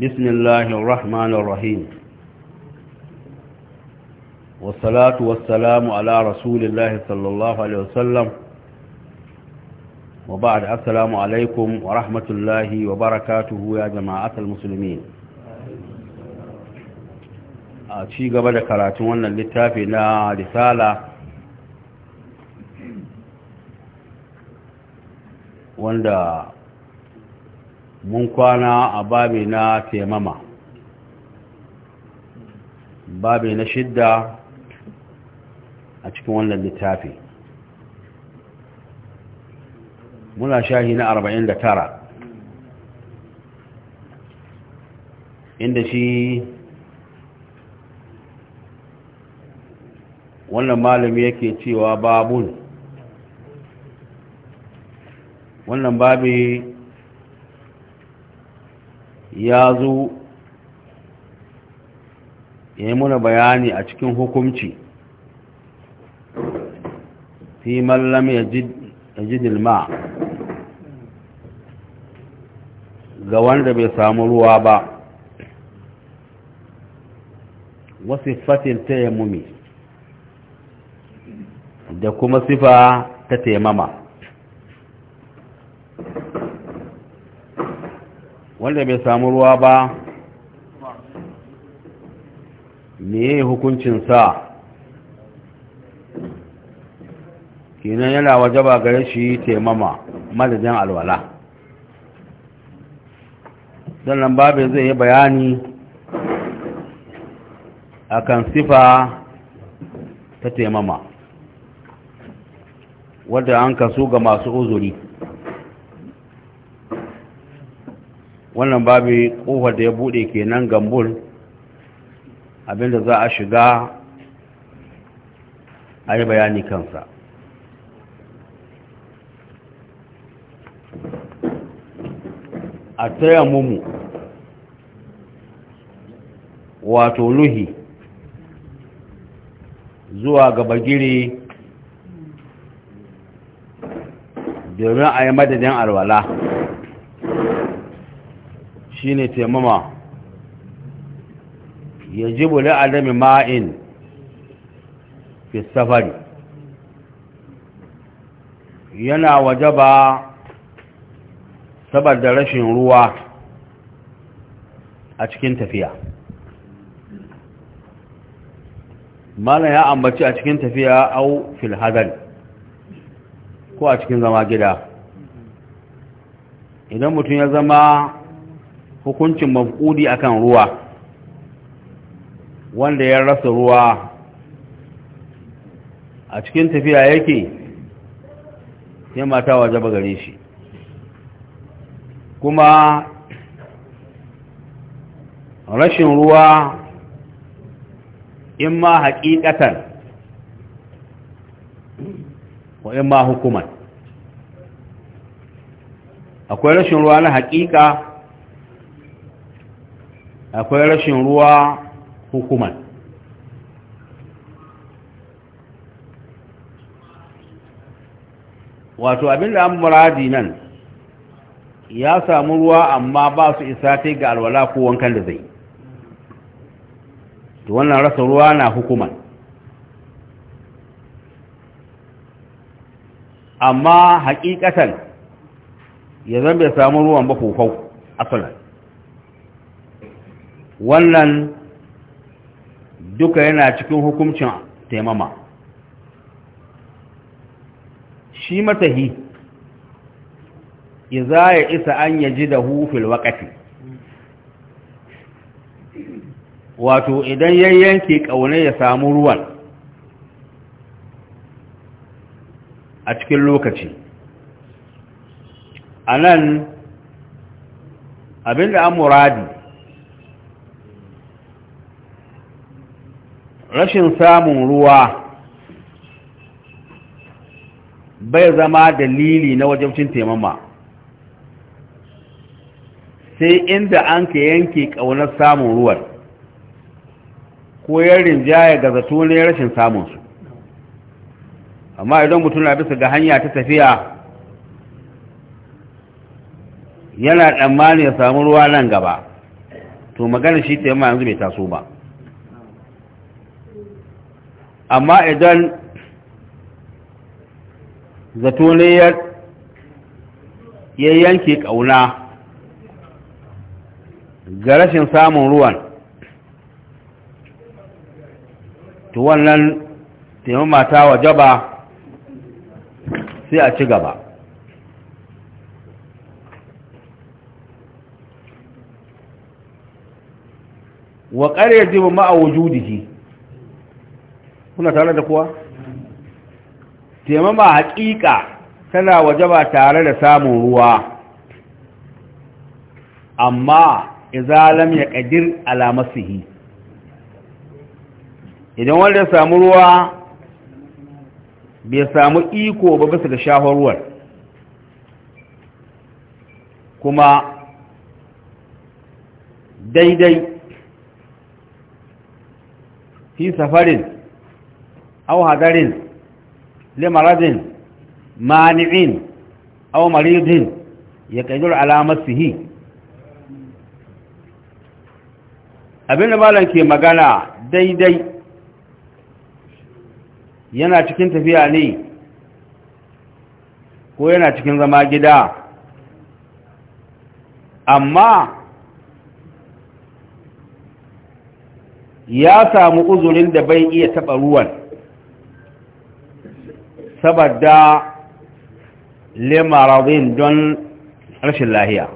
بسم الله الرحمن الرحيم والصلاة والسلام على رسول الله صلى الله عليه وسلم وبعد السلام عليكم ورحمة الله وبركاته يا جماعة المسلمين أتشي قبل كراتون للتافنا رسالة wanda mun kwana a babi na taimama babi na shidda a cikin wannan littafi muna shahi na arba'in da tara inda shi wannan malami yake cewa babun wannan babi ya zo ya yi muna bayani a cikin hukumci fi mallam ya ji dilma ga wanda bai samu ruwa ba wasu fatin ta yammumi, da kuma sifa ta taimama wanda bai samu ruwa ba ne hukuncinsa kenan yana waje ba gare shi taimama madadin alwala sannan babu zai yi bayani akan sifa ta taimama wadda an kasu ga masu uzuri wannan babu kofar da ya bude kenan gambul abinda za a shiga a yi bayani kansa a taya mumu wato nuhi zuwa ga bagire domin a yi madadin alwala shine taimama yajibu adami ma'in fi safari yana wajaba saboda rashin ruwa a cikin tafiya malam ya ambaci a cikin tafiya au fil ko a cikin zama gida idan mutum ya zama hukuncin mafkudi akan ruwa wanda ya rasa ruwa a cikin tafiya yake sai mata wajaba gare shi kuma rashin ruwa in ma haƙiƙatan ko in ma hukuman akwai rashin ruwa na haƙiƙa akwai rashin ruwa hukuman wato abin da an muradi nan ya samu ruwa amma ba su isa ta ga alwala ko wankan da zai to wannan rasa ruwa na hukuman amma hakikatan ya zan bai samu ruwan ba kofau asalin wannan duka yana cikin hukuncin taimama shi matahi iza ya isa an ya ji da hufil wakati. wato idan yayyanki ƙaune ya samu ruwan a cikin lokaci a nan abinda an muradi rashin samun ruwa bai zama dalili na wajabcin taimama sai inda an ka yanke ƙaunar samun ruwan ko yarin jaya ga zato ne rashin samunsu amma idan mutum na bisa ga hanya ta tafiya yana tsammanin ya samu ruwa nan gaba to magana shi taimama yanzu bai taso ba amma idan zato ne ya yanke ƙauna ga rashin samun ruwan to wannan taimama ta wajaba sai a ci gaba wa ƙarya jibu ma'a wujudihi kuna tare da kuwa taimama haƙiƙa tana waje ba tare da samun ruwa amma izalam ya ƙadir alamasihi idan wanda ya samu ruwa bai samu iko ba bisa da shaharwar kuma daidai fi safarin أو هدر لمرض مانع أو مريض يقدر على مسه abin da malam ke magana daidai yana cikin tafiya ne ko yana cikin zama gida amma ya samu uzurin da bai iya taɓa ruwan saboda lemaradin don rashin lahiya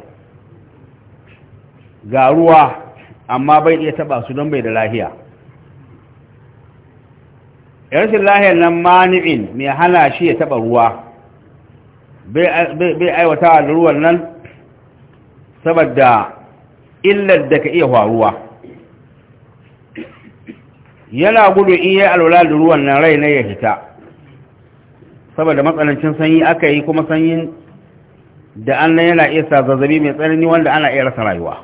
ga ruwa amma bai iya taba su don bai da lahiya rashin lahiyar nan mani'in mai hana shi ya taba ruwa bai aiwata da ruwan nan saboda illar da ka iya faruwa yana gudu in yi alwala da ruwan nan rai na ya hita saboda matsanancin sanyi aka yi kuma sanyin da an nan yana iya zazzabi mai tsanani wanda ana iya rasa rayuwa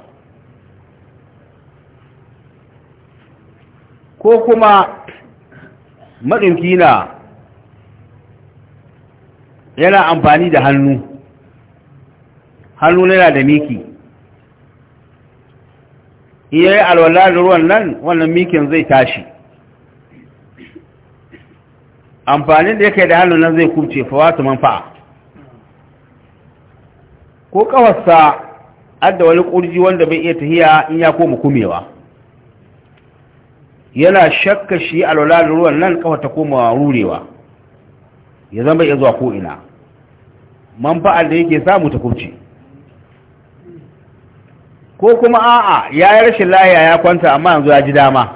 ko kuma maɗinki na yana amfani da hannu hannu yana da miki iya yi alwala da ruwan nan wannan mikin zai tashi amfani da yake da hannu nan zai kubce fawatu manfa'a ko kawarsa adda wani kurji wanda bai iya tahiya in ya koma kumewa yana shakka shi alwala da ruwan nan kawar ta koma rurewa ya zama ya zuwa ko'ina manfa'ar da yake samu ta kuce ko kuma a'a ya yi rashin laya ya kwanta amma yanzu ya ji dama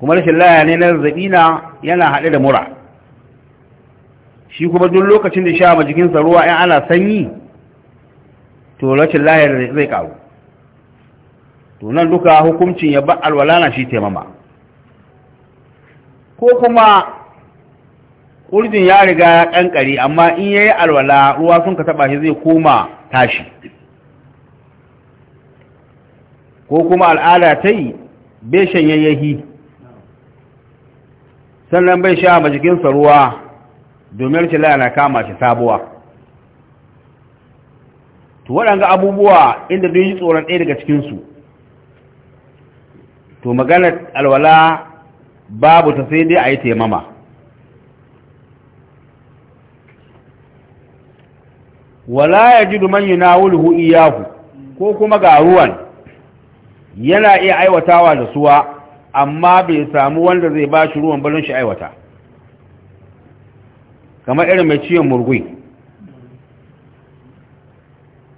kuma rashin laya ne na zazzabi na yana haɗe da mura shi kuma duk lokacin da sha ma jikinsa ruwa in ana sanyi to rashin laya zai ƙaru to nan duka hukuncin ya ba al-walana shi taimama ko kuma ƙurjin ya riga ya ƙanƙari amma in ya yi alwala ruwa sun ka taɓa shi zai koma tashi ko kuma al'ada ta yi beshen yayyahi sannan bai sha ma jikinsa ruwa domin Laya na kama shi sabuwa to waɗanga abubuwa inda duk yi tsoron ɗaya daga cikinsu to maganar alwala babu ta sai dai a yi taimama wala ya ji duman yi nawulhu iyahu ko kuma garuwan yana iya aiwatawa da suwa amma bai samu wanda zai ba shi ruwan balon shi aiwata kamar irin mai ciwon murgui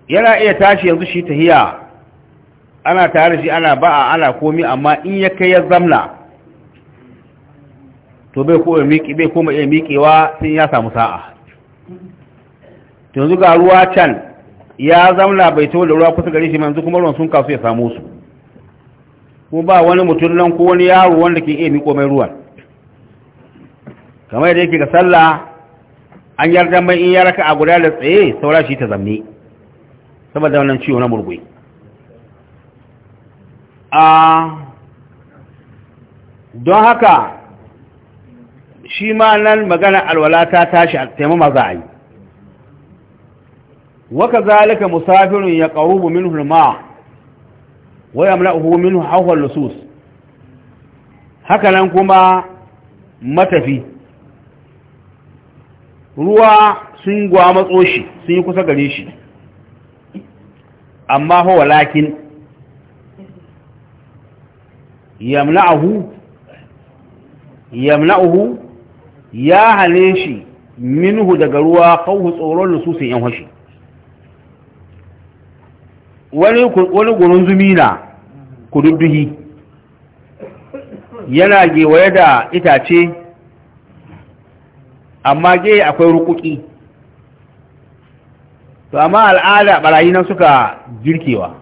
yana iya tashi yanzu shi ta hiya. ana tare shi ana a ana komi amma in ya kai ya zamla to bai koma miƙi bai koma iya miƙewa sun ya samu sa'a yanzu ga ruwa can ya zamla bai tawo da ruwa kusa gari shi yanzu kuma ruwan sun kasu ya samu su ko ba wani mutum nan ko wani yaro wanda ke iya miko mai ruwan kamar yadda yake ga sallah an yarda mai in ya a guda da tsaye saura shi ta zamne saboda wannan ciwo na murgui don haka shi ma nan magana alwala ta tashi a taimama za a yi waka zalika musafirin ya ƙarubu min hulma wa yamla'uhu minhu hawhal lusus haka nan kuma matafi ruwa sun gwamatso shi sun yi kusa gare shi amma ho walakin yamla'uhu yamla'uhu ya hane shi minhu daga ruwa qawhu tsoron lusus yan hashi wani gurin zumi na kududduhi yana gewaye da itace amma ge akwai rukuki to amma al'ada barayi nan suka jirkewa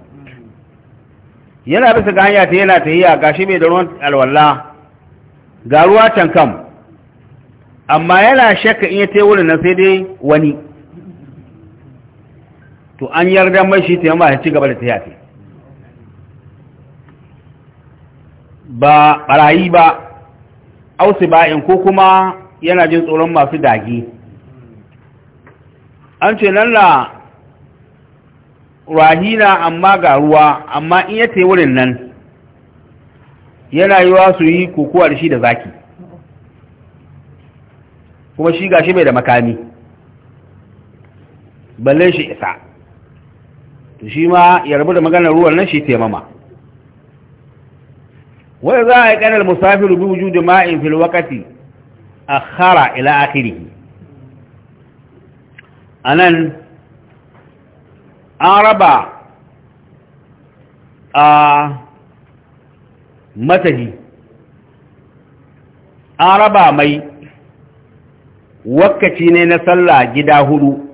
yana bisa ga hanya ta yana a gashi mai da ruwan alwala ga ruwa can kam amma yana shakka in ya te na sai dai wani to an yarda mai shi taimaka ya ci gaba da tafiya ba barayi ba ausi ba'in ko kuma yana jin tsoron masu dagi an ce nan na rahina amma ga ruwa amma in ya te wurin nan yana yi wa su yi kokowa da shi da zaki kuma shi gashi bai da makami balle shi isa to shi ma ya rabu da maganar ruwan nan shi taimama Wani za a yi ƙanar musafiru bi da ma'in fil wakati a khara ila akiri a nan an raba a matahi an raba mai wakaci ne na sallah gida hudu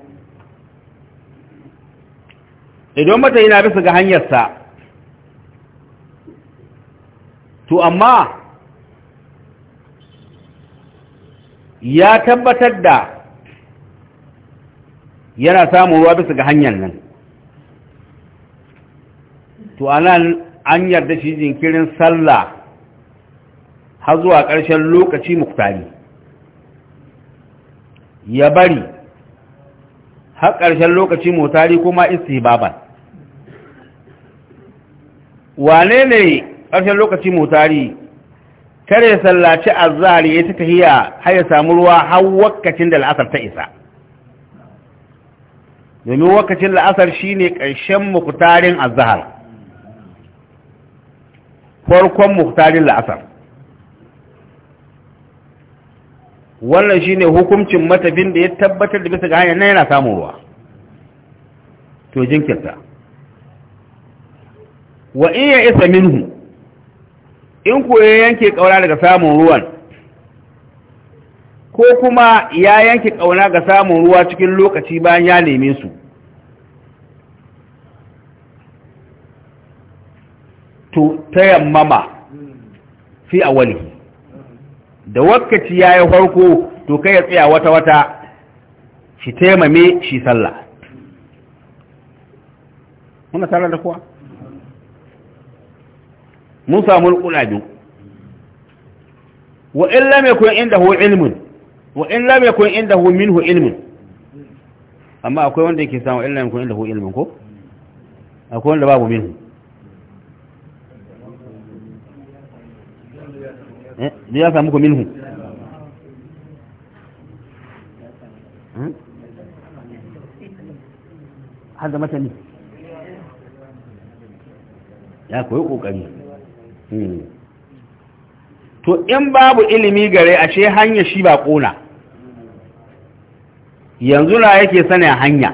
idan mata yana bisa ga hanyarsa to amma ya tabbatar da yana samun ruwa bisa ga hanyar nan to anan an yarda shi jinkirin sallah har zuwa ƙarshen lokaci muktari ya bari har ƙarshen lokaci mutari kuma istihbaban wane ne ƙarshen lokaci tari kare sallaci azari ya tafi hiya har ya samu ruwa har wakacin da la'asar ta isa domin wakacin la'asar shi ne ƙarshen muktarin azahar farkon muktarin la'asar wannan shi ne hukuncin matafin da ya tabbatar da bisa ga hanyar na yana samun ruwa to jinkirta wa in ya isa minhu in ko ya yanke kauna daga samun ruwan ko kuma ya yanke kauna ga samun ruwa cikin lokaci bayan ya neme su to tayammama fi awali da wakaci ya yi farko to kai ya tsaya wata-wata shi taimame shi sallah muna tare da kuwa mun samu kulabi wa in lam yakun indahu ilmun wa in lam yakun indahu minhu ilmun amma akwai wanda yake samu in lam yakun indahu ilmun ko akwai wanda babu minhu eh ya samu ko minhu hmm? hada mata ni ya koyi kokari Hmm. to in babu ilimi gare ashe hanya shi ba kona yanzu na yake sanin hanya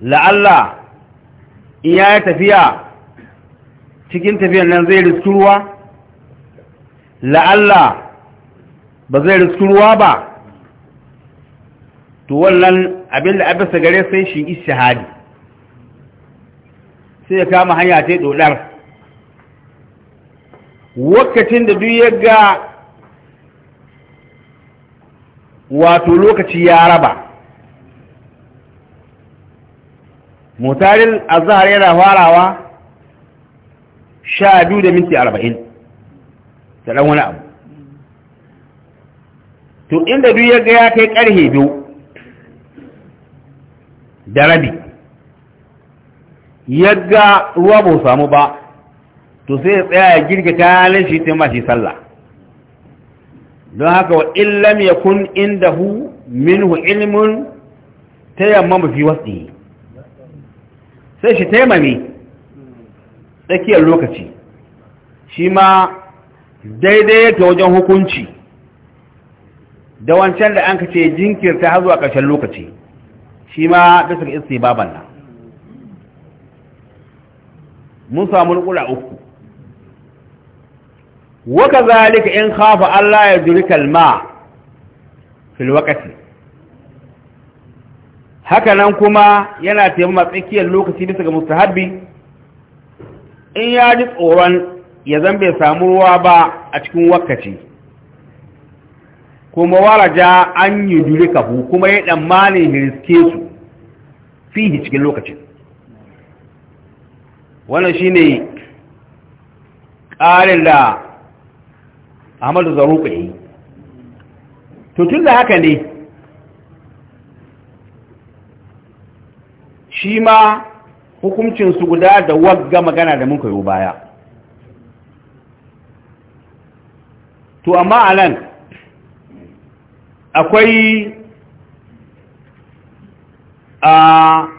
la'alla iya ya tafiya cikin tafiyan nan zai riski ruwa la'alla ba zai riski ruwa ba to wannan abin da abisa gare sai shi ishahadi sai ya kama hanya ta dodar wakacin da duk ya ga wato lokaci ya raba mutarin azhar yana farawa sha biyu da minti arba'in da ɗan wani abu to inda duk ya ga ya kai ƙarhe biyu da rabi Yadda ruwa ba samu ba to sai ya tsaya ya girge kayan shi ta mashi sallah don haka wa illam yakun ilmin minhu yamma tayammama fi wasi sai shi taimami tsakiyar lokaci shi ma daidai ta wajen hukunci da wancan da an kace jinkirta har zuwa ƙarshen lokaci shi ma da suka isti baban nan mun samu a uku waka zalika in khafa Allah ya juri kalma fil haka nan kuma yana taimaka tsakiyar lokaci bisa ga mustahabbi in ya ji tsoron ya zan bai samu ruwa ba a cikin wakaci kuma waraja an yi juri ku kuma ya ɗammane riske su fihi cikin lokacin wannan shine ƙarin da Ahmadu Zaruku yi to tun da haka ne shi ma hukuncinsu guda da wagga magana da muka yi baya to amma a nan akwai a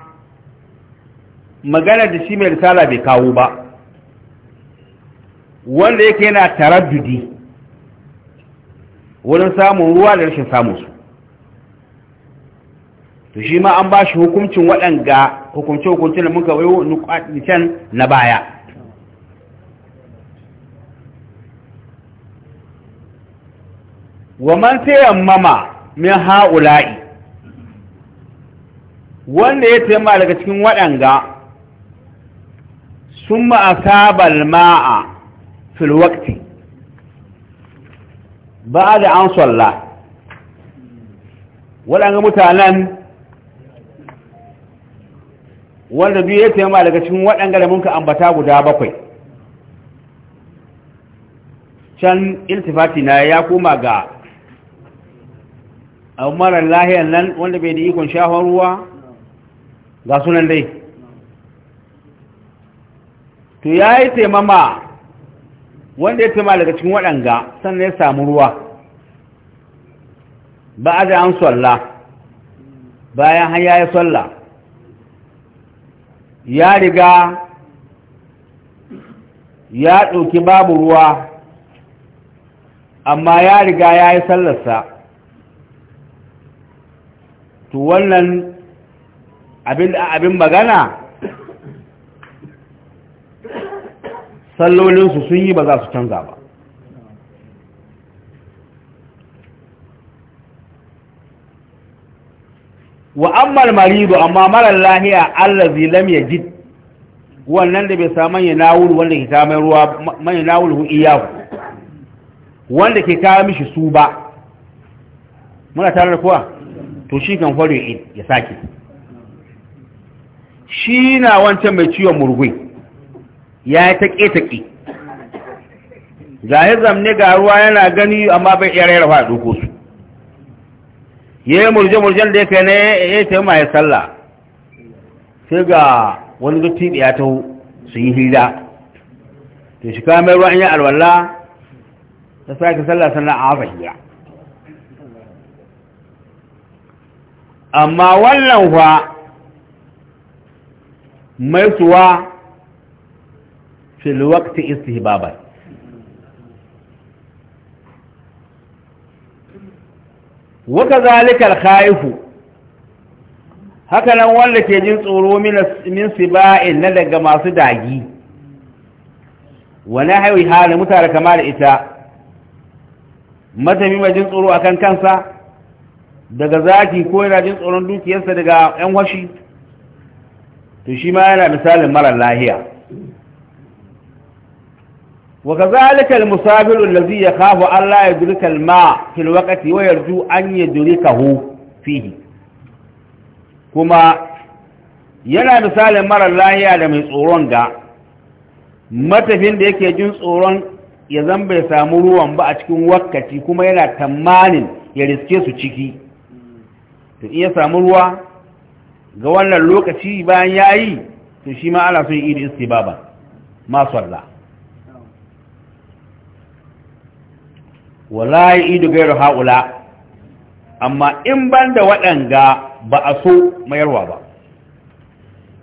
maganar da shi mai risala bai kawo ba wanda yake yana taraddudi wurin samun ruwa da rashin samun su to shi ma an ba shi hukuncin waɗanga hukunce-hukunce da muka wayo nukwatin na baya wa man mama min ha'ula'i wanda ya tayammama daga cikin waɗanga sun ma'asabal ma'a filwakti ba da an tsalla waɗanda mutanen wanda biyu ya taimaka daga cikin waɗanda da munka ambata guda bakwai can iltifati na ya koma ga abu marar lahiyar nan wanda bai da ikon shahon ruwa ga sunan dai to ya yi taimama wanda ya taimama daga cikin waɗanga sannan ya samu ruwa ba a da an tsalla bayan hanya ya tsalla ya riga ya ɗauki babu ruwa amma ya riga ya yi sallarsa to wannan abin magana sallolinsu sun yi ba za su canza ba wa ammal maridu amma marar lahiya allazi lam yajid wannan da bai samu ya nawul wanda ke kawo ruwa mai nawul hu iyahu wanda ke kawo mishi su ba muna tare da kuwa to shi kan fare ya sake shi na wancan mai ciwon murgui ya yi ta taƙe ga yi zamne ga ruwa yana gani amma bai iya rayar faɗo ko su ya yi murje-murjen da ya kai na ya yi taimma ya sallah sai ga wani guttiɗi ya taho su yi hira ta shi kama ruwa in yi alwala ta sake sallah sannan a hafa hira amma wannan fa mai suwa fil waqti istihbaban wa khaifu haka wanda ke jin tsoro min siba'in na daga masu dagi wani haiwi hali mutane kama da ita matami mai jin tsoro akan kansa daga zaki ko yana jin tsoron dukiyarsa daga 'yan washi to shi ma yana misalin marar lahiya وكذلك المسافر الذي يخاف أن لا يدرك الماء في الوقت ويرجو أن يدركه فيه كما yana misalin marar lahiya da mai tsoron ga matafin da yake jin tsoron ya zan bai samu ruwan ba a cikin wakati kuma yana tamanin ya riske su ciki to iya samu ruwa ga wannan lokaci bayan ya yi to shi ma ana son yi ba ba masu Allah wala idu gairu haula amma in banda waɗanga ba a so mayarwa ba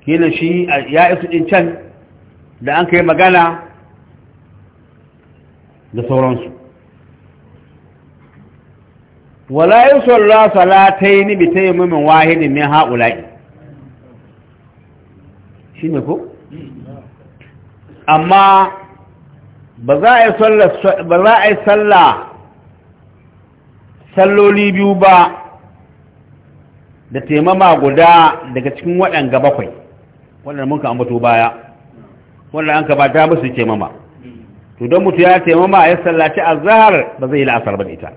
kina shi ya isu ɗin can da an kai magana da sauransu wala yi salla salatai ni bi ta yi mummin wahidin min haƙula'i shi ne ko? amma ba za a yi sallah. salloli biyu ba da taimama guda daga cikin waɗanga bakwai waɗanda mun ka baya waɗanda an ka ta musu taimama to don mutu ya taimama ya sallaci azhar ba zai yi la'asar ba da ita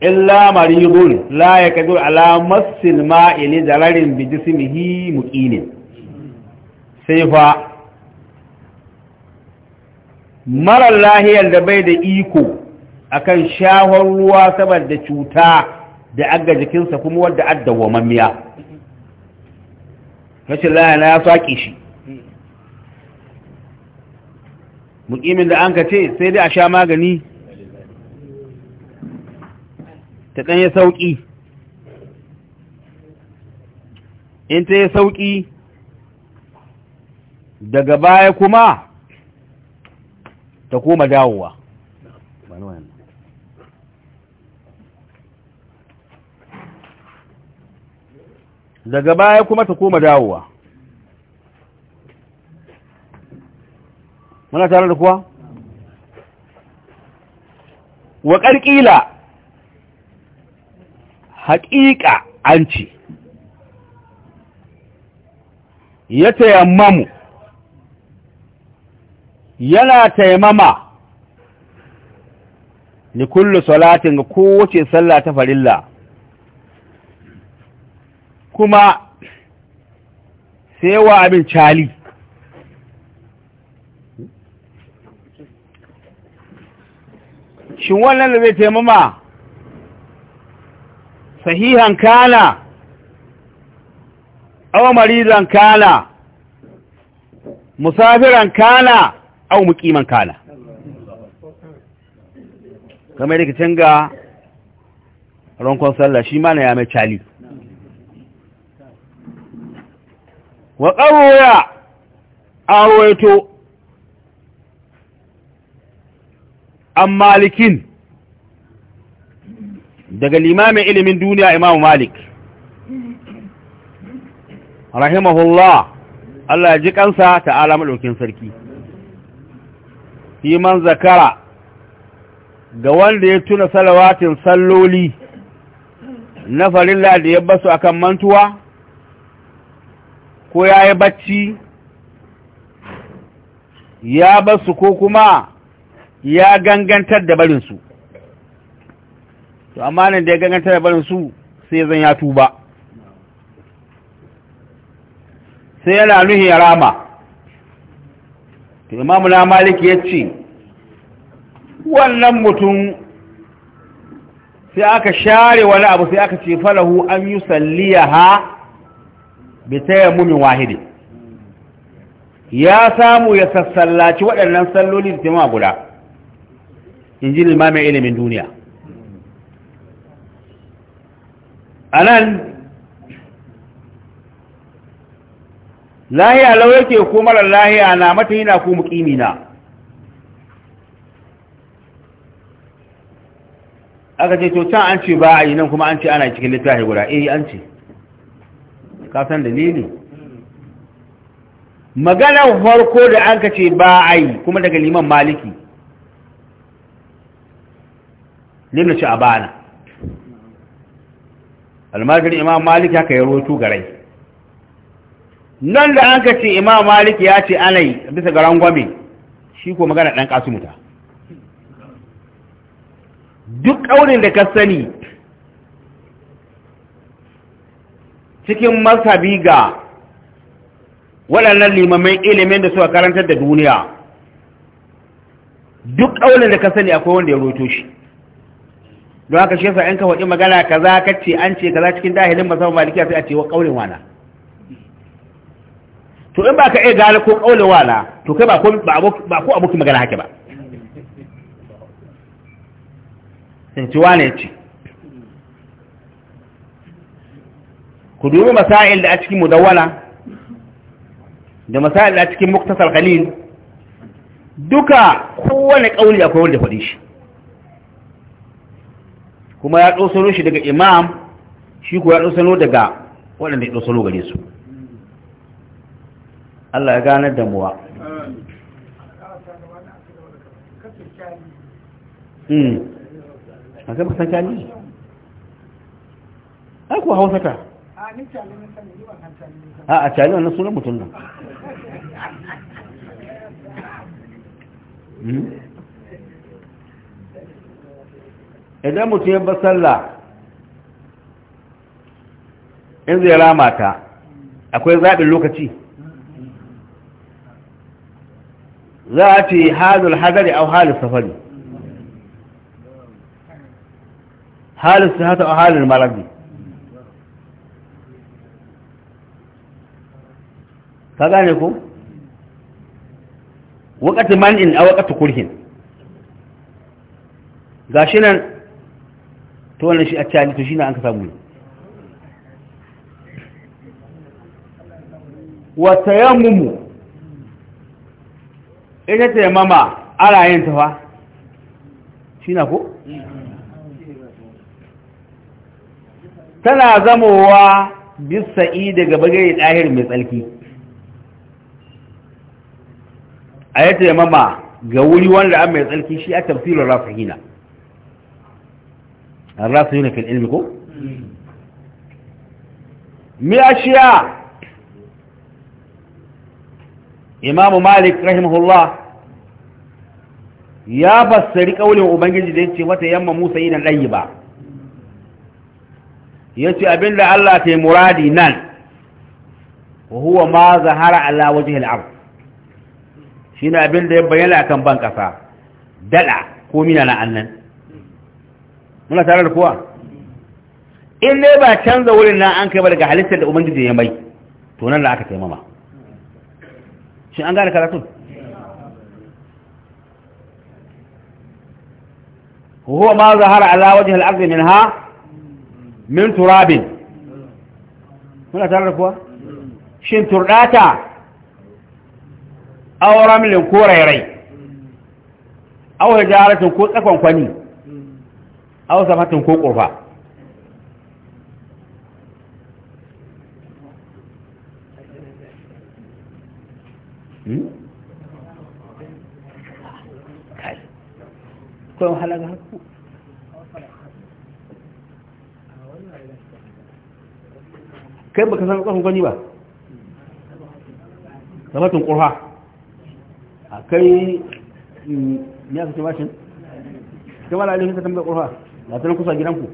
illa maridun la ya kadur ala masil ma'ili zararin bi jismihi muqinin sai fa marar lahiyar da bai da iko akan shahon ruwa saboda cuta da aga jikinsa kuma wadda addawa mamiya rashin lahiyar ya saƙi shi mukimin da an ka ce sai dai a sha magani ta ɗanye sauƙi in ta yi sauƙi daga baya kuma ta koma dawowa daga baya kuma ta koma dawowa muna tare da kuwa wa ƙarƙila haƙiƙa an ce ya tayammamu yana taimama ni kullu salatin ga kowace sallah ta farilla kuma sai wa abin cali shin wannan da zai taimama sahihan kana awa marizan kana musafiran kana au mukiman kana kamar yake canga ronkon sallah shi ma na ya mai cali wa qawya arwayto an malikin daga limamin ilimin duniya imamu malik rahimahullah Allah ya ji kansa ta'ala madaukin sarki shi man zakara ga wanda ya tuna salawatin salloli na farilla da ya basu a kan mantuwa ko ya yi bacci ya basu ko kuma ya gangantar da barinsu to amma nan da ya gangantar da barinsu sai zan ya tuba sai yana nuhi ya rama to imamu na maliki ya ce wannan mutum sai aka share wani abu sai aka ce falahu an yi salliya ha bi mumin wahidi ya samu ya sassallaci waɗannan salloli da taimama guda in ji limamin ilimin duniya a nan lahiya lau yake ko mara lahiya na mata yana ko mukimi na aka ce to can an ce ba a yi nan kuma an ce ana cikin littafi guda eh an ce ka san dalili maganar farko da an ka ce ba a yi kuma daga liman maliki limna shi a bana almajirin imam maliki haka ya roto garai nan da an ka ce imam maliki ya ce anai bisa ga rangwame shi ko magana ɗan kasumuta duk ƙaunin da ka sani cikin masabi ga waɗannan limamai ilimin da suka karantar da duniya duk ƙaunin da ka sani akwai wanda ya roto shi don haka shi yasa in ka faɗi magana kaza kace an ce kaza cikin dahilin masaba malikiya sai a ce wa ƙaunin wana to in ba ka iya gane ko kaulin wala to kai ba ko ba ko abokin magana hake ba sun ci wane ci ku dubi masail da a cikin mudawwala da masail da a cikin muktasar qalil duka kowane kauli akwai wanda faɗi shi kuma ya ɗosano shi daga imam shi ko ya ɗosano daga waɗanda ya ɗosano gare su Allah ya ganar da muwa hmm. a ka san kyali ai kuwa hausa ta a a kyali wannan sunan mutum nan hmm. idan mutum ya basalla in zai ramata akwai zaɓin lokaci ذاتي هذا الحذر أو هذا السفري هذا السهات أو هذا المرضي فقال لكم وقت من إن أو وقت كلهن قاشنا تولى شيء أتاني تشينا أنك تقول وتيمموا ita ce mama ara yin tafa shi na ko? tana zamowa bisa'i daga bagare ɗahir mai tsarki a ya ce mama ga wuri wanda an mai tsarki shi a tafsirin hina? rasahina hina fil ilmi ko? mi hmm. shiya? imamu malik rahimahullah ya fassari kaulin ubangiji da yace wata yamma musa yi nan ba yace abinda Allah ta muradi nan wa huwa ma zahara ala wajhi al-ard abinda ya bayyana akan ban kasa ko mina na annan muna tare da kowa in dai ba canza wurin nan an kai ba daga halittar da ubangiji ya mai to nan aka taimama shi an gane karatun huwa ma zahara ala wajhi al-ardh minha min turabin kuna tare kuwa shin turdata ko rairai aw ko tsakon kwani aw safatin ko ƙurfa. akwai wahala ga haku kai baka san tsakon gani ba samatin ƙurha a kai ya mm, suke bashin kai wala alifin ta tambayar ƙurha na ta kusa gidanku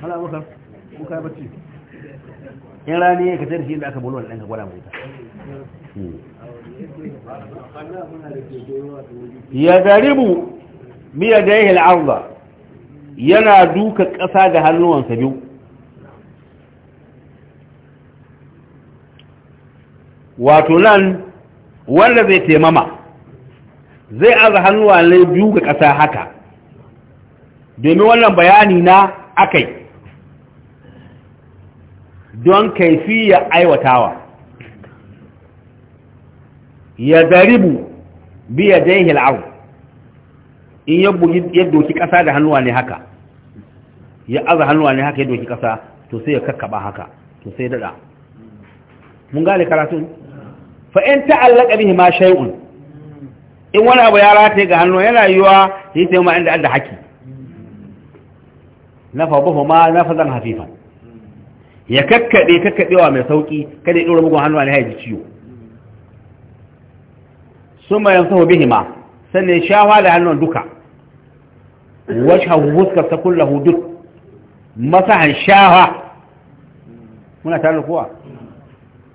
hala abokan kuka bacci in rani ya ka shi da aka bolo da ɗan ka gwada mai ta ya garibu miya da yahil yana duka ƙasa da hannuwansa biyu wato nan wanda zai taimama zai aza hannuwa ne biyu ga ƙasa haka domin wannan bayani na akai don kaifiya aiwatawa ya zaribu biya daihi al'au in ya bugi ya doki kasa da hannuwa ne haka ya aza hannuwa ne haka ya doki kasa to sai ya kakkaba haka to sai dada mun gane karatun fa in ta'allaka bihi ma shay'un in wani abu ya rata ga hannu yana yiwa ya yi ma'in da an da haƙi na faɓuhu ma na fa zan hafifan ya kakkaɗe kakkaɗewa mai sauƙi kada ya ɗora bugun hannuwa ne haiji ciwo ثم bihi ma sannan shawa da hannun duka wacce huskar ta kulla hudud masahan shawa muna tare da kowa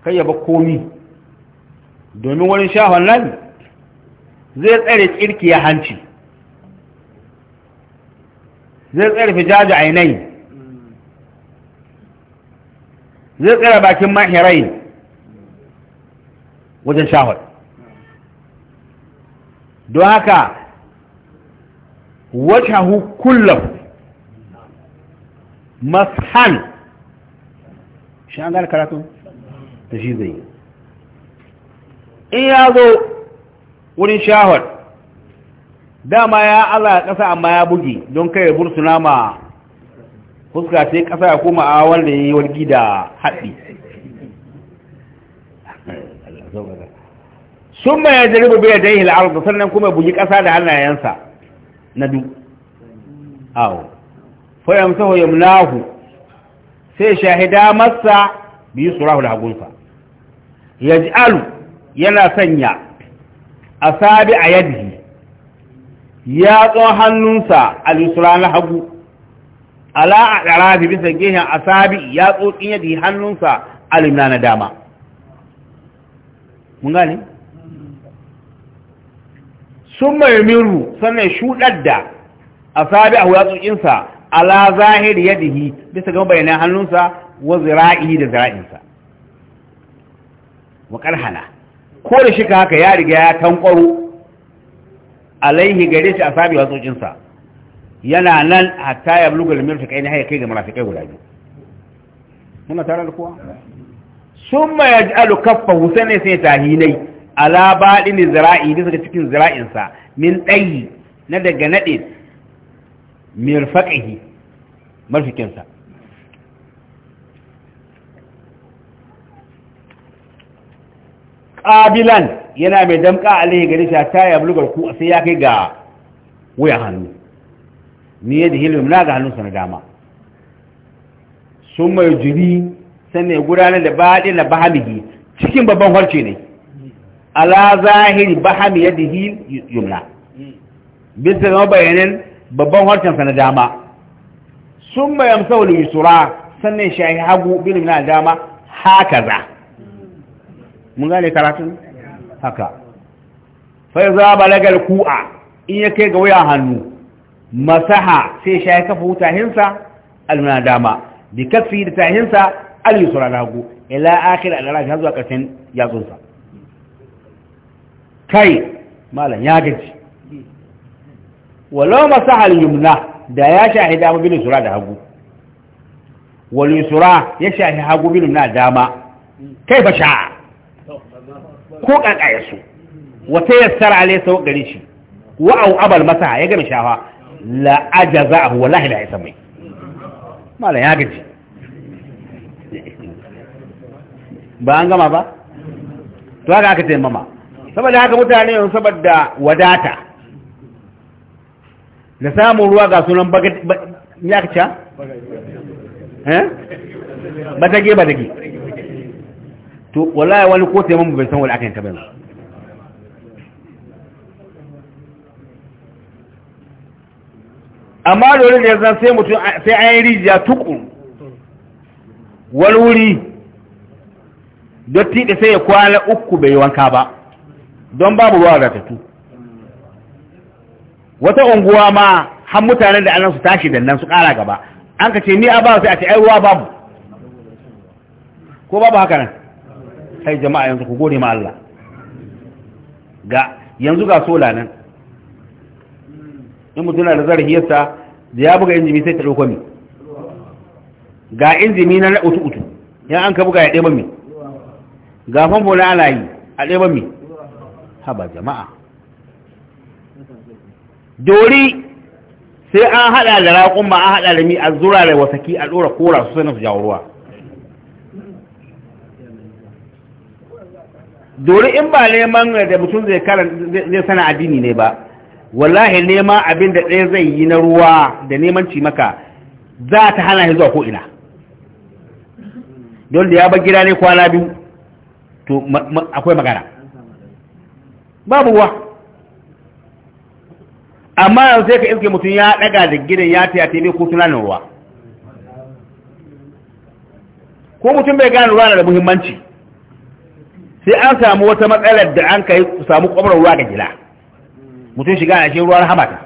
kai yaba komi domin wurin shahon nan zai tsare kirki ya hanci zai tsare fijaji ainihi zai tsare bakin mahirai wajen shawar. don haka wata hukullar mashan shi karatu da shi zai in ya zo wurin shahar dama ya ala kasa amma ya bugi don kai ya bursuna ma huska sai kasa ya koma a wanda ya yi wargi da haɗi sun ma ya jaribu bai da yi al'arzu sannan kuma bugi ƙasa da hannayensa na du awo fayyam saho ya munahu sai shahida masa biyu rahu da hagunsa ya ji alu yana sanya a sabi a yadda ya tso hannunsa a lusura na hagu ala a fi bisa gehen a sabi ya tso yadda hannunsa a limna na dama mun sun mai miru sannan shuɗar da a sabi a yatsukinsa ala zahiri yadihi bisa ga bayanan hannunsa wa zira'i da zira'insa wa karhana ko da shi haka ya riga ya tankwaro alaihi gare shi a sabi a yana nan hatta ya bulugar miru kai na haya kai ga marafikai guda biyu muna tare da kowa sun mai ya ji alu kaffa husaini sai tahinai ala baɗini zira'i bisa ga cikin zira'insa min ɗayi na daga naɗe mirfaƙihi marfikinsa ƙabilan yana mai damƙa alaihi gari sha ta ya bulugar ku sai ya kai ga waya hannu ni yadda hilmi na ga hannunsa na dama sun mai jiri sannan gudanar da baɗi na bahamihi cikin babban harce ne ala zahiri baham yadihi yumna bisa ga bayanan babban harshen na dama sun bayan saul yusura sannan shahi hagu bilin na dama haka za mun gane karatun haka sai za balagal ku'a in ya kai ga waya hannu masaha sai shahi kafa wutahinsa almuna dama bi kafi da tahinsa al yusra lagu ila akhir al-rajh zuwa karshen yatsunsa kai malam ya gaji walau masu halimna da ya shahi dama bin sura da hagu wani sura ya shahi hagu bin na dama kai ba sha ko kankaye su wata ya tsara sau gari shi wa au abal masa ya gami shafa a huwa lahila ya samai malam ya gaji ba an gama ba to haka aka taimama saboda haka mutane yanzu saboda wadata da samun ruwa ga sunan yakca batage eh? batage to wallahi wani ko mun bai san wani akan ta bayan amma dole da yanzu sai mutum sai an yi rijiya tukun wani wuri dotti da sai ya kwana uku bai wanka ba don babu ruwa ratattu wata unguwa ma har mutanen da anan su tashi da nan su ƙara gaba an ka ce ni a ba sai a ce ai ruwa babu ko babu haka nan sai jama'a yanzu ku gode ma Allah ga yanzu ga sola nan in mutum na da zarafiyarsa da ya buga injimi sai ta ɗauko mi ga injimi na na utu utu yan an ka buga ya ɗeba mi ga famfo na ana yi a ɗeba mi jama'a dori sai an haɗa da raƙon ba an haɗa da mi a zura da wasaki a ɗora kora su sanin su jawo ruwa dori in ba neman da mutum zai zai sana addini ne ba wallahi nema abin da ɗaya zai yi na ruwa da neman cimaka za ta hana shi zuwa ko ina don da ya bar gida ne kwana biyu to akwai magana babu wa amma yanzu sai ka iske mutum ya daga da gidan ya taya tebe ko tunanin ruwa ko mutum bai gane ruwa na da muhimmanci sai an samu wata matsalar da an kai samu kwamar ruwa ga gila mutum shiga a shi ruwan hamata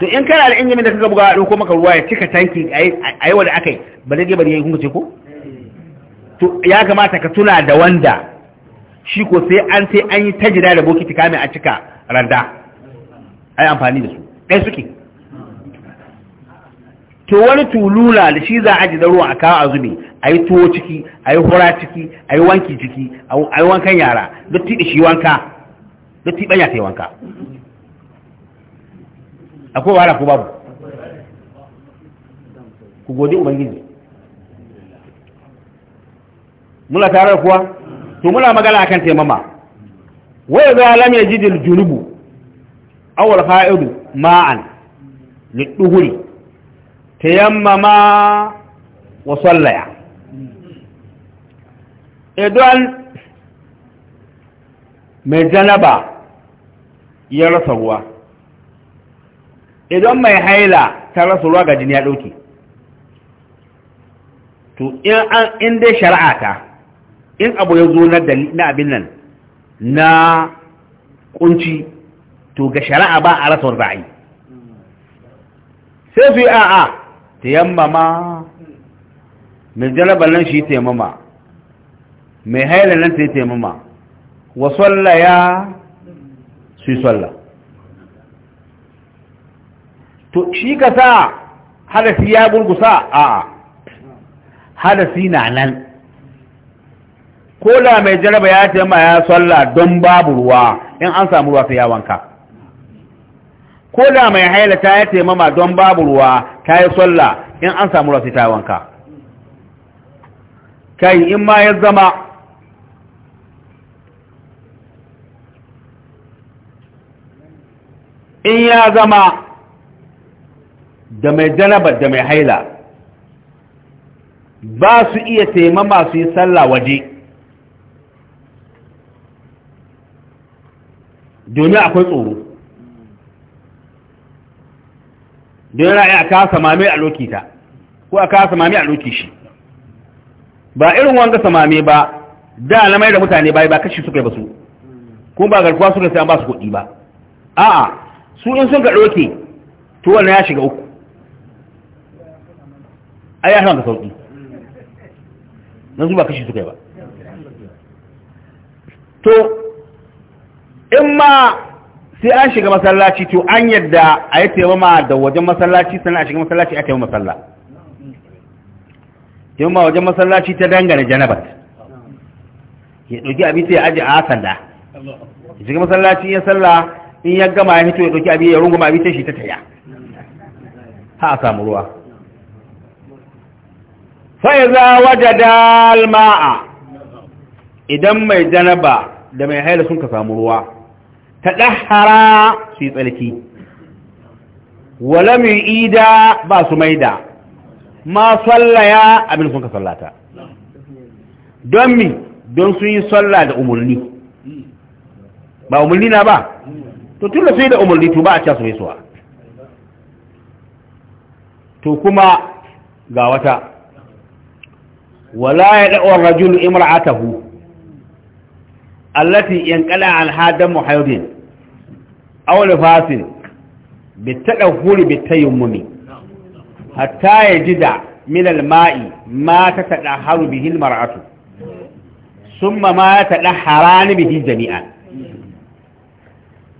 to in kana da injimin da suka buga a ko maka ruwa ya cika tanki a yi wa da aka yi ba zai yi kuma ce ko to ya kamata ka tuna da wanda shi ko sai an sai an yi tajira da bokiti kamin a cika randa ai amfani da su ɗaya suke to wani tulula da shi za a ji da a kawo azumi a yi tuwo ciki a yi hura ciki a yi wanki ciki a yi wankan yara duk tiɗi shi wanka duk tiɗan ya ta yi wanka akwai wahala ko babu ku gode ubangiji muna tare da kuwa to muna magana akan taimama wa idza lam yajid al-junubu aw al-ha'id ma'an lidhuhri tayammama wa sallaya idan mai janaba ya rasa ruwa idan mai haila ta rasa ruwa ga jini ya ɗauke to in dai inda ta in abu ya zo na abin nan na kunci to ga shari'a ba a rasa ra'ayi sai su yi a'a ta yammama mai jarabar nan shi taimama mai haila nan ta yi taimama wa ya su yi tsalla to shi ka sa hadasi ya burgusa a'a hadasi na nan ko da mai jaraba ya ce ma ya sallah don babu ruwa in an samu ruwa sai ya wanka ko da mai haila ta ya ce ma don babu ruwa ta yi sallah in an samu ruwa sai ta wanka kai in ma ya zama in ya zama da mai jaraba da mai haila ba su iya taimama su yi sallah waje domin akwai tsoro don yana a kawo samame a lokita ko a kawo samame a lokishi shi ba irin wanga samame ba da alamai da mutane bai ba kashi suka yi ba su kuma ba garkuwa suka sai an ba su kudi ba a'a su in sun ga ɗauke to wannan ya shiga uku ai ya ka sauki na su ba kashi suka yi ba to in ma sai an shiga masallaci to an yadda a yi taimama da wajen masallaci sannan a shiga masallaci a taimama sallah taimama wajen masallaci ta dangane janabat ya ɗauki abin sai ya aji a sanda ya shiga masallaci ya sallah in ya gama ya hito ya ɗauki abin ya runguma abin sai shi ta taya ha a samu ruwa fa'iza wajada alma'a idan mai janaba da mai haila sun ka samu ruwa tadahhara su tsarki. tsalki wala mu ida ba su maida ma sallaya abin sun ka sallata don mi don sun yi salla da umarni ba umarni ba to tun da su yi da umarni ba a ca su to kuma ga wata wala ya da'uwar rajulu imra'atahu allati yanqala al أول أو لفاتن بتلفول بتيممي حتى يجد من الماء ما تتنحر به المرأة ثم ما تتنحران به جميعا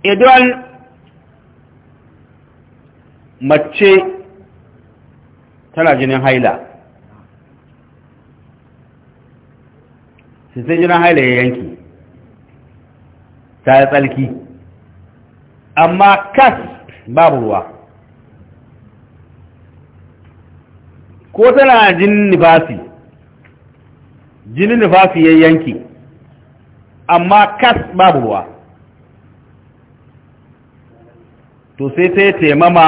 إذن مجي تنجن هايلا تنجن هايلا ينكي تنجن هايلا ينكي amma kas babu ruwa ko tana jinin nifasi jinin nifasi ya yanki amma kas babu ruwa to sai ta taimama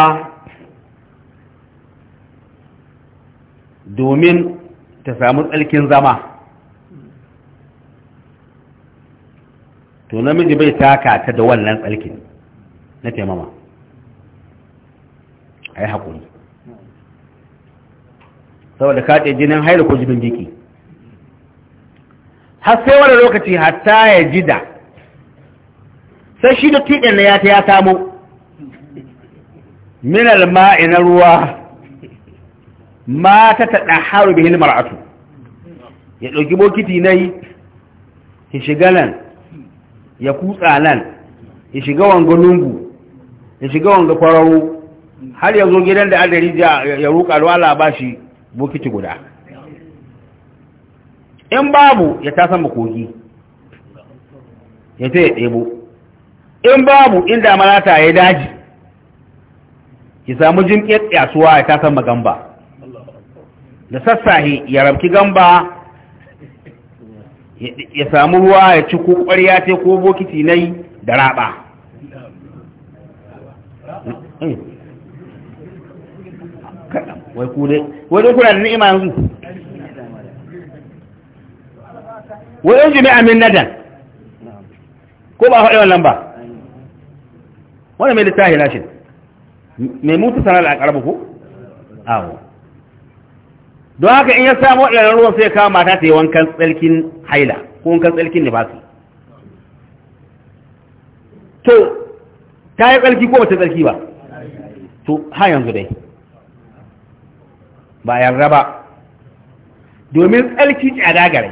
domin ta samu tsalkin zama to namiji bai taka ta da wannan tsalkin na taimama a yi haƙuri saboda kaɗe jinin haila ko jinin jiki har sai wani lokaci hatta ya ji da, sai shi da tiɗin na ya ta ya samu minal ruwa mata ta haru bihin mar'atu ya ɗauki bokiti na yi ya shiga nan ya kutsa nan ya shiga wangon ya shiga wanda kwararru har ya zo gidan da adari ya roƙa ruwa ba shi bokiti guda in babu ya tasan makogi ya ce ya ɗebo in babu inda malata ya daji ki samu jin ƙyasuwa ya tasan magamba da sassahi ya rabki gamba ya samu ruwa ya ci ko ƙwarya ce ko bokiti yi da raɓa Hmm. wai ku dai wai dai kuna da ni'ima yanzu wai yan jami'a min nadan ko ba faɗi wannan ba Wani mai littafi na shi mai mutu sanar da ƙarfi ko awo don haka in ya samu waɗannan ruwan sai kama mata ta yi wankan tsarkin haila ko wankan tsarkin nifasi to ta yi tsarki ko ba ta tsarki ba to ha yanzu dai ba yarda ba domin tsarki tsada gare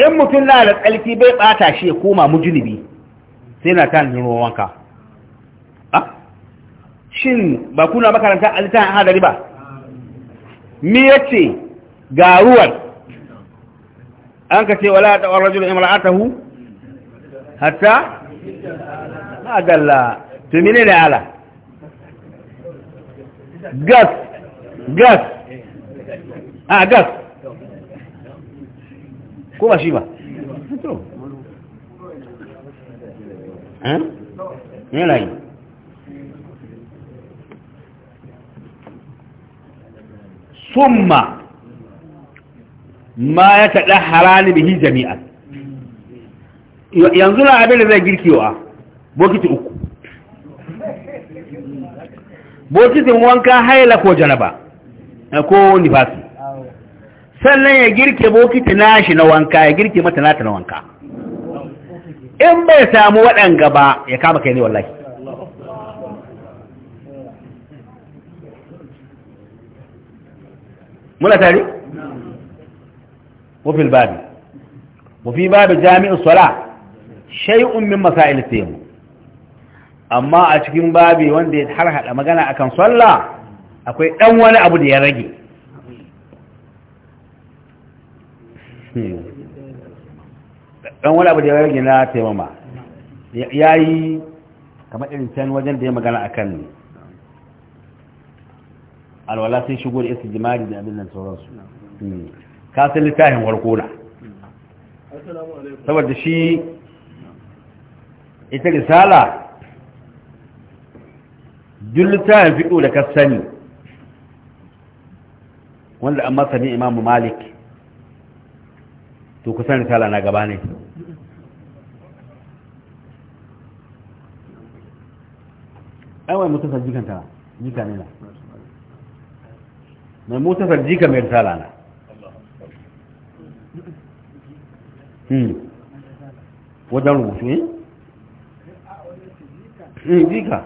in mutum na da tsarki bai bata shi ya koma mujinibi sai na tan ruwan wanka shin ba kuna makaranta a a hadari ba mi yace ga ruwan an ka ce wala ta warajul imra'atahu hatta madalla to mine ne ala gas gas a gas ko ba shi ba ne eh? lai summa ma ya taɗa harani bihi jami'a yanzu na abin da zai girkewa bokiti uku bokitin wanka haila ko janaba ko nifasi sannan ya girke bokiti nashi na wanka ya girke mata nata na wanka in bai samu waɗan gaba ya kama kai ne wallahi muna tare? wufin babi wafi babi jami'in sola shai'un min masa'il taimu amma a cikin babi wanda ya har hada magana akan sallah akwai dan wani abu da ya rage dan wani abu da ya rage na taimama ya yi kamar irin can wajen da ya magana akan ne alwala sai shigo da isa jimari da abin nan sauransu hmm. san littafin warkona saboda shi ita risala duk littafin fiɗo da ka sani wanda an masa ne imamu malik to ku sani tala na gaba ne aiwai mutasar jikan ta jika ne na mai mutasar jika mai tala na hmm. wajen rubutu ne? Eh? Hmm, jika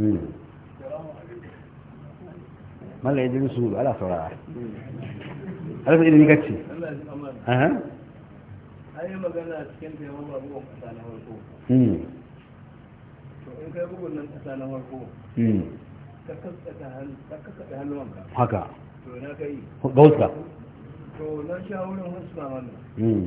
malla ya jirin ala yi magana cikin taimakon babu kasa na hmm. to in kai bugun nan kasa na hmm. hannuwanka haka to na kai gauska to na sha wurin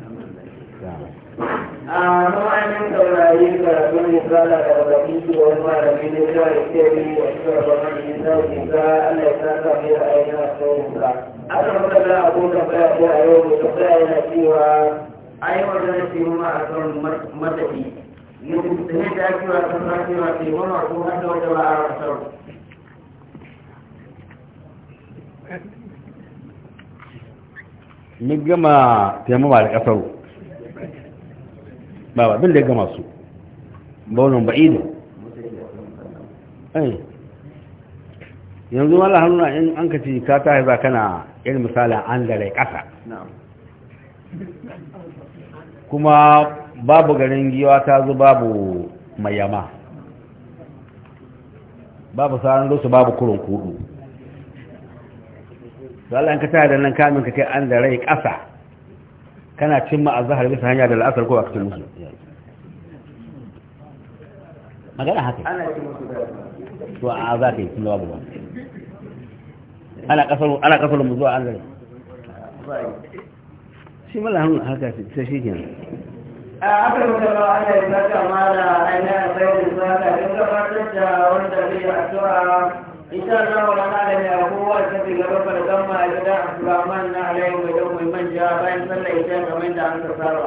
ma'anin saurayi karatun misala da baki su da wani malami ne ta rikiri da shi da baki ne ta rikika Allah ya saka mai da ainihin saurinsa. Aka maka da abokan bayan a yau da tafiya yana cewa an yi wajen cewa a kan matafi. Ne da ne da ake wasan rakewa ce wani wasu hada wata ba a rasar. Mun gama taimama da ƙasar ba abin da ya gama su baunin ba'idu yanzu wala hannuna in an ka ce ka ta za kana irin misali an da rai ƙasa kuma babu garin giwa ta zo babu mayama babu sauran rusu babu kurin kudu wala an ka ta da nan kamin ka kai an da rai ƙasa kana cin cimma azhar bisa hanya da al'asar ko aktul musu magana haka to a za ka yi tun da babu ana kasar ana kasar mu zuwa an zai shi mala hannu haka sai shi kenan a aka yi da ba ana yi zaka mala ainihin sai da zaka in gabatar da wanda zai addu'a insha Allah wa ta'ala ne a kowa da tafi gaba farkan ma a gida Abdulrahman na Alayhi mai dan mai manja bayan sallar isha kamar da an saba